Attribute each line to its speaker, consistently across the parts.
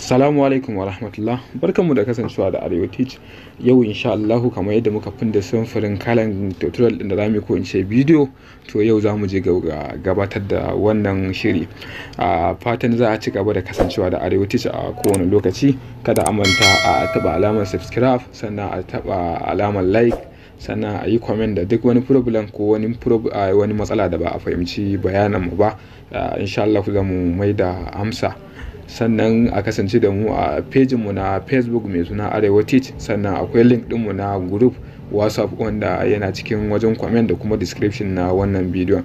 Speaker 1: Assalamu alaikum wa rahmatullah barkanmu da kasancewa da Arewa Teach yau insha Allahu kamar yadda muka da samfurin kalan tutorial din da zamu ko in ce bidiyo to yau zamu je ga gabatar da wannan shiri a fatan za a ci gaba da kasancewa da Arewa Teach a kowane lokaci kada a manta a taba alamar subscribe sannan a taba alamar like sannan a yi comment da duk wani problem ko wani wani matsala da ba a fahimci bayanan mu ba insha Allah ku mu mai da amsa sannan a kasance da mu a mu na facebook mai suna arewa teach sannan akwai link mu na group whatsapp wanda yana cikin wajen comment da kuma description na wannan bidiyon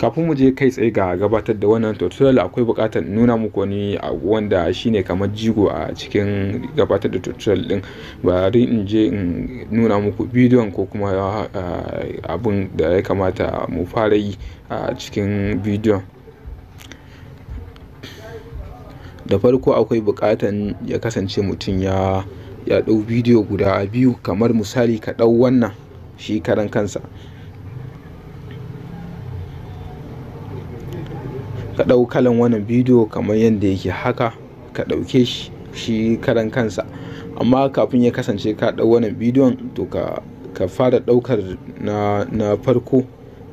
Speaker 1: kafin mu je kai tsaye ga gabatar da wannan tutorial akwai buƙatar nuna muku wani wanda shine kamar jigo a cikin gabatar da tutorial din bari in je in nuna muku bidiyon ko kuma ah, abin da ya kamata mu fara yi a ah, cikin bidiyon da farko akwai bukatan ya kasance mutum ya ya dau bidiyo guda biyu kamar misali ka dau wannan shi karan kansa ka dau kalan wannan bidiyo kamar yadda yake haka ka dauke shi shi karan kansa amma kafin ya kasance ka dau wannan bidiyon to ka ka fara ɗaukar na, na farko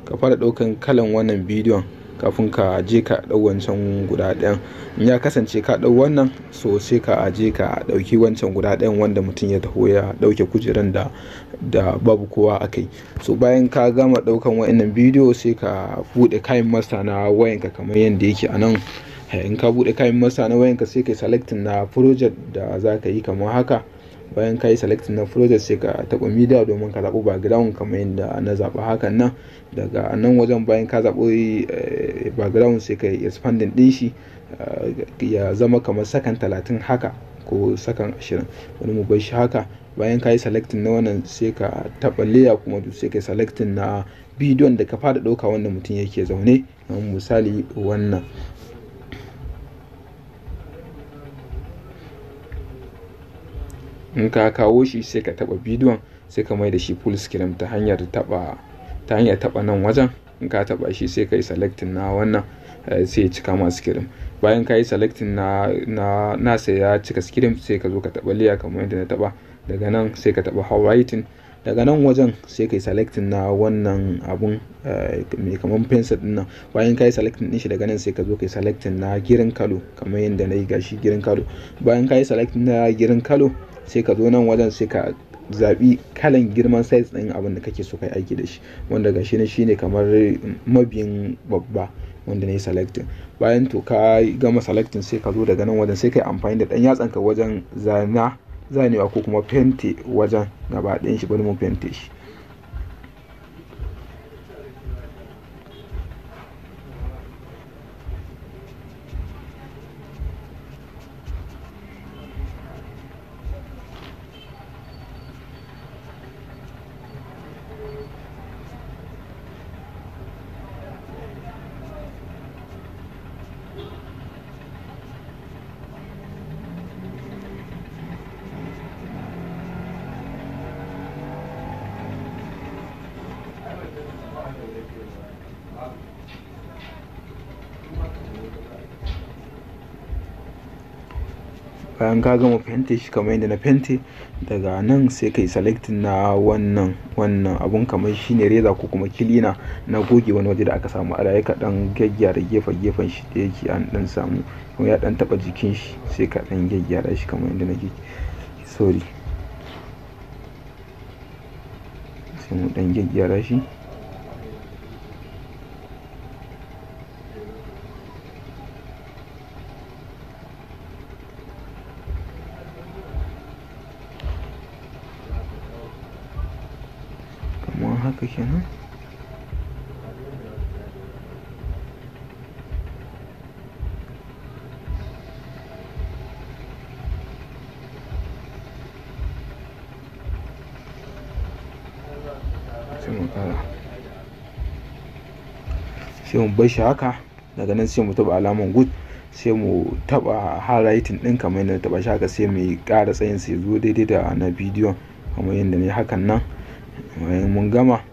Speaker 1: ka fara daukan kalan wannan bidiyon kafin ka je ka dau wancan guda ɗayan in ya kasance ka dau wannan so sai ka je ka dauki wancan guda ɗayan wanda mutum ya taho ya dauke kujeran da da babu kowa a kai so bayan ka gama daukan wa'annan bidiyo sai ka bude kayan masa na wayanka kamar yadda yake a nan eh, in ka buɗe kayan masa na wayanka sai ka selectin na project da za ka yi kamar haka bayan ka yi selecting na project sai ka taɓa media domin ka zaɓi background kamar yadda na zaɓa hakan nan daga nan wajen bayan ka zaɓi eh, background sai ka yi expanding ɗin shi eh, ya zama kamar sakan talatin haka ko sakan ashirin wani mu bai shi haka bayan ka yi selecting na wannan sai ka taɓa layer kuma duk sai ka selecting na bidiyon da ka fara ɗauka wanda mutum yake zaune misali wannan in ka kawo shi sai ka taɓa bidiyon sai ka mai da shi full screen ta hanyar taɓa ta hanyar taɓa nan wajen in ka taɓa shi sai ka yi selecting na wannan eh, sai ya cika ma screen bayan ka yi selecting na na sai ya cika screen sai ka zo ka taɓa layer kamar yadda na taɓa daga nan sai ka taɓa highlighting daga nan wajen sai yi selectin na wannan abun eh, mai kamar pencil din nan bayan yi selectin din shi daga nan sai ka zo kai selectin na girin kalo kamar yadda na yi gashi girin kalo bayan yi selectin na girin kalo sai ka zo nan wajen sai ka zaɓi kalan girman size ɗin abin da kake so kai aiki da shi wanda ga shi shine kamar mabiyin babba wanda na selecting bayan to ka gama selecting sai ka zo daga nan wajen sai kai amfani da ɗan yatsanka wajen zana zanewa ko kuma fente wajen gaba ɗayan shi bari mu fente shi bayan ka gama fente shi kamar yadda na fente daga nan sai kai selectin na wannan wannan abun kamar shine reza ko kuma kilina na goge wani waje da aka samu ala ya kaɗan gyaggyara gefen gefen shi da yake an ɗan samu kuma ya ɗan taɓa jikin shi sai ka ɗan gyaggyara shi kamar yadda nake sorry sai mu ɗan gyaggyara shi damuwa haka kenan sai mu bar shi haka daga nan sai mu taba alaman good sai mu taba highlighting din kamar yadda taba shi haka sai mu kara tsayin sai zo daidai da na bidiyon kamar yadda ne hakan nan mun gama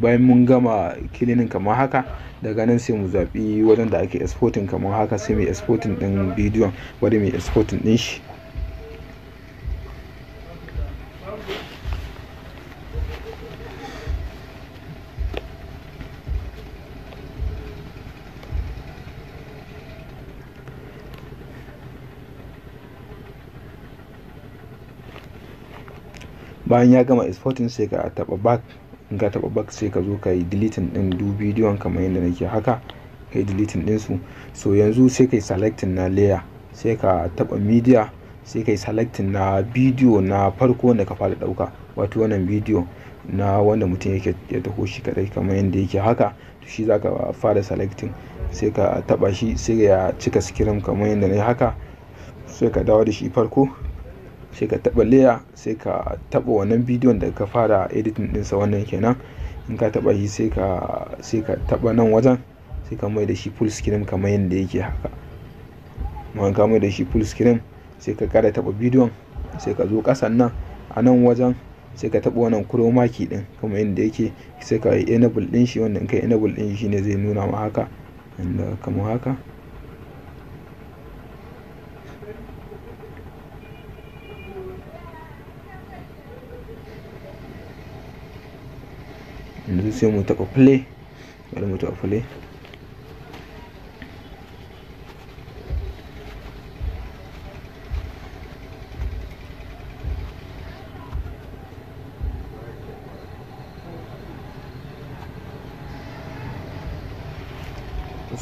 Speaker 1: bayan mun gama kilinin kamar haka daga nan sai mu zaɓi wajen da ake exporting kamar haka sai mai exporting ɗin bidiyon wadda mai exporting ɗin shi bayan ya gama exporting sai ka taba back in ka taba back sai ka zo ka yi deleting din du bidiyon kamar yadda nake haka ka yi deleting din su so yanzu sai ka yi selecting na layer sai ka taba media sai ka yi selecting na bidiyo na farko wanda ka fara dauka wato wannan bidiyo na wanda mutum yake ya taho shi kadai kamar yadda yake haka to shi zaka fara selecting sai ka taba shi sai ya cika screen kamar yadda na haka sai ka dawo da shi farko sai ka taɓa layer sai ka taɓa wannan bidiyon da ka fara editing ɗinsa wannan kenan in ka taɓa shi sai ka sai ka taɓa nan wajen sai ka mai da shi full screen kamar yadda yake haka in ka mai da shi full screen sai ka ƙara taɓa bidiyon sai ka zo ƙasan nan a nan wajen sai ka taɓa wannan kuro maki ɗin kamar yadda yake sai ka yi enable ɗin shi wanda in ka enable ɗin shi ne zai nuna ma haka kamar haka yanzu sai mu taɓa play bari mu taɓa play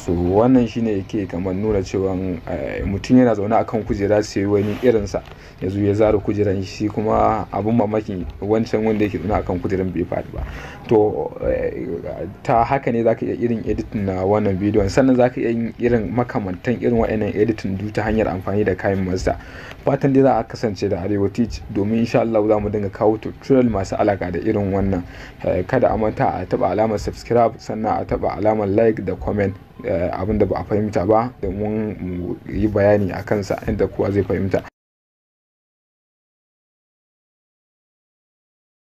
Speaker 1: so wannan shine yake kamar nuna cewa eh, mutum yana zaune a kan kujera sai wani irinsa ya zo ya zara kujeran shi kuma abin mamaki wancan wanda yake zaune kan kujeran bai faɗi ba to eh, ta haka ne zaka iya irin editing na wannan bidiyon sannan zaka iya yin irin makamantan irin waɗannan editing duk ta hanyar amfani da kayan masa fatan dai za a kasance da arewa teach domin insha Allah za mu dinga kawo tutorial masu alaka da irin wannan eh, kada a manta a taba alamar subscribe sannan a taba alamar like da comment eh, abinda ba a fahimta ba domin yi bayani a kansa inda kowa zai fahimta